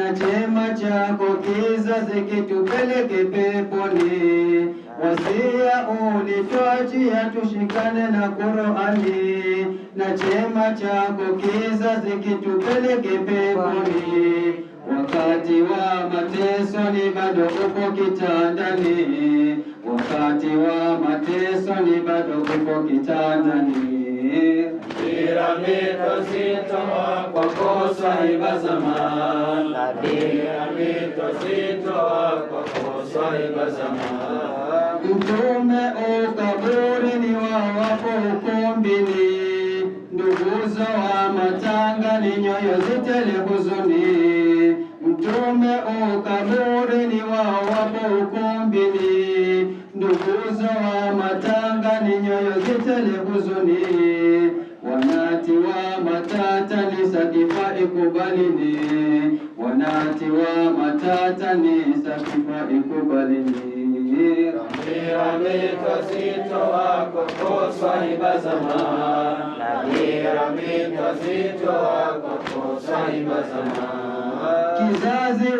na chema chako kizazi kitupeleke peponi. Wasia ulitwachia tushikane na Qur'ani, na chema chako kizazi kitupeleke peponi. Wakati wa mateso ni bado uko kitandani, wakati wa mateso ni bado uko kitandani. Ametositoa kwa kosa hiba zaman, ametositoa ni kosa hiba zaman. ndugu zao wa matanga ni nyoyo zitele huzuni sakifa ikubalini, wanati wa ni sakifa ikubalini. Rambirambi twazitoa kwako swahiba zama, Kizazi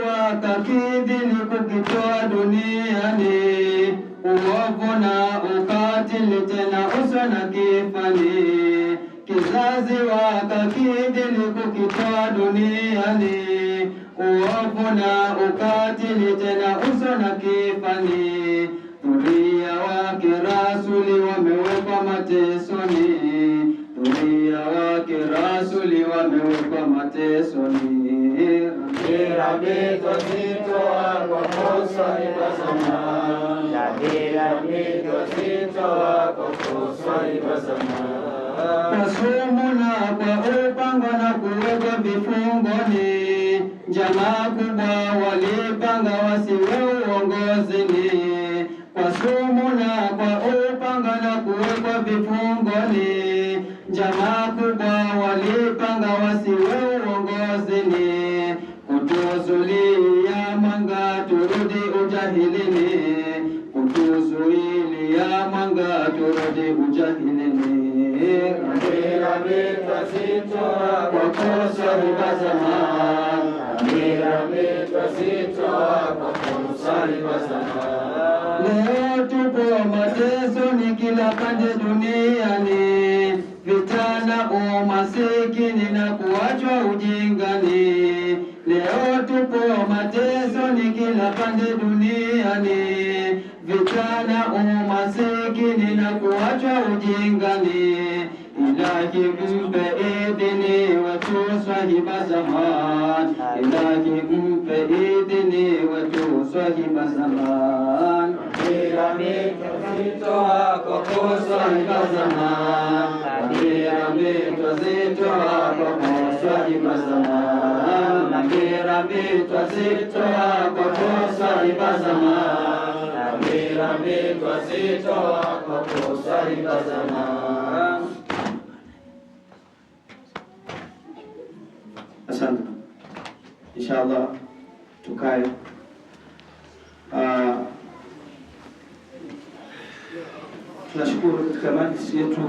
kukitoa duniani, uovu na ukatili, tena uswa na kifani kizazi wakakidhi likukitoa duniani, uovu na ukatili, tena uso na kifani. Dhuria wake rasuli wamewekwa matesoni, dhuria wake rasuli wamewekwa matesoni. Rabbi tositoa kwa kosa ibasama, Rabbi tositoa kwa kosa ibasama kasumuna kwa upango na kuwekwa vifungoni, jamaa kubwa walipanga wasiwe uongozini, kasumuna kwa upanga na kuwekwa vifungoni, jamaa kubwa walipanga wasiwe uongozini, kutuzulia mwanga turudi ujahilini, kutuzulia mwanga turudi ujahilini twasitoa kwa kosa Leo tupo matesoni kila pande duniani, vitana umasikini na kuachwa ujingani. Leo tupo ni kila pande duniani, vitana umasikini na kuachwa ujingani إلهي قم بإذني وتوصه بزمان zaman, dira mitozitoa kwa kuswahiba zaman, zaman, dira Asante. Inshallah tukae. Ah, tunashukuru katika majlisi yetu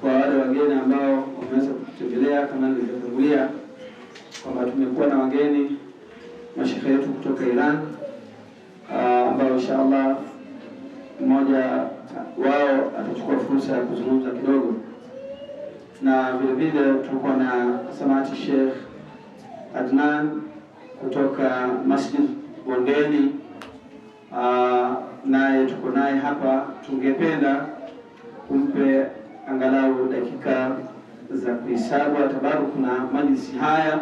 kwa wale wageni ambao wameweza kututembelea. Kama nilivyotangulia kwamba tumekuwa na wageni mashehe yetu kutoka Iran ah, ambao inshallah mmoja wao atachukua fursa ya kuzungumza kidogo na vilevile tulikuwa na samati Sheikh Adnan kutoka Masjid Bondeni, ah, naye tuko naye hapa. Tungependa kumpe angalau dakika za kuhesabu, atabaru kuna majlisi haya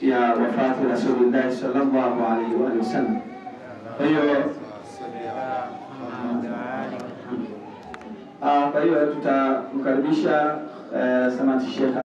ya wafati Rasulillahi sallallahu alaihi wasallam. Kwa hiyo Kwa hiyo tutamkaribisha uh, eh, Samati shekha